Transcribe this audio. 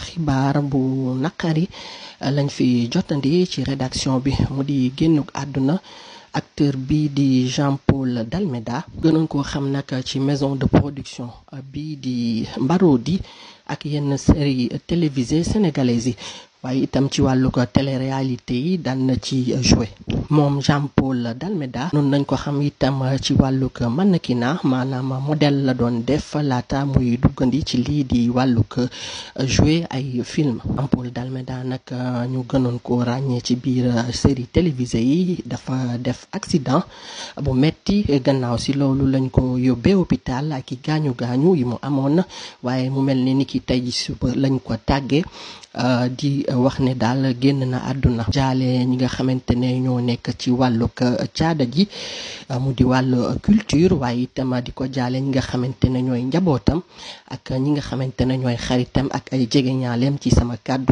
xibaar bu nakari euh, lañ fi jotandi ci rédaction bi acteur di Jean Paul d'Almeda maison de production euh, bii di ak série télévisée sénégalaise itam ci télé-réalité moom Jean Paul Dalméda noonu nañ ko xam itam ci wàllug mannequinat maanaam modèle la doon def laata muy duggandi ci lii di wàllug jouer ay film Jean Paul Dalméda nag ñu gënoon ko ràññee ci biir série télévisée yi dafa def accident bu metti gannaaw si loolu lañ ko yóbbee hôpital ak i gaañu gaañu yi mu amoon waaye mu mel ni ni ki tey suba lañ ko tàggee di wax ne daal génn na àdduna jaale ñi nga xamante ne ñoo nekk nekk ci wàllug caada ji euh, mu di wàllu culture waaye itam di ko jaale ñi nga xamante ne ñooy njabootam ak ñi nga xamante ne ñooy xaritam ak ay jegeñaaleem ci sama kàddu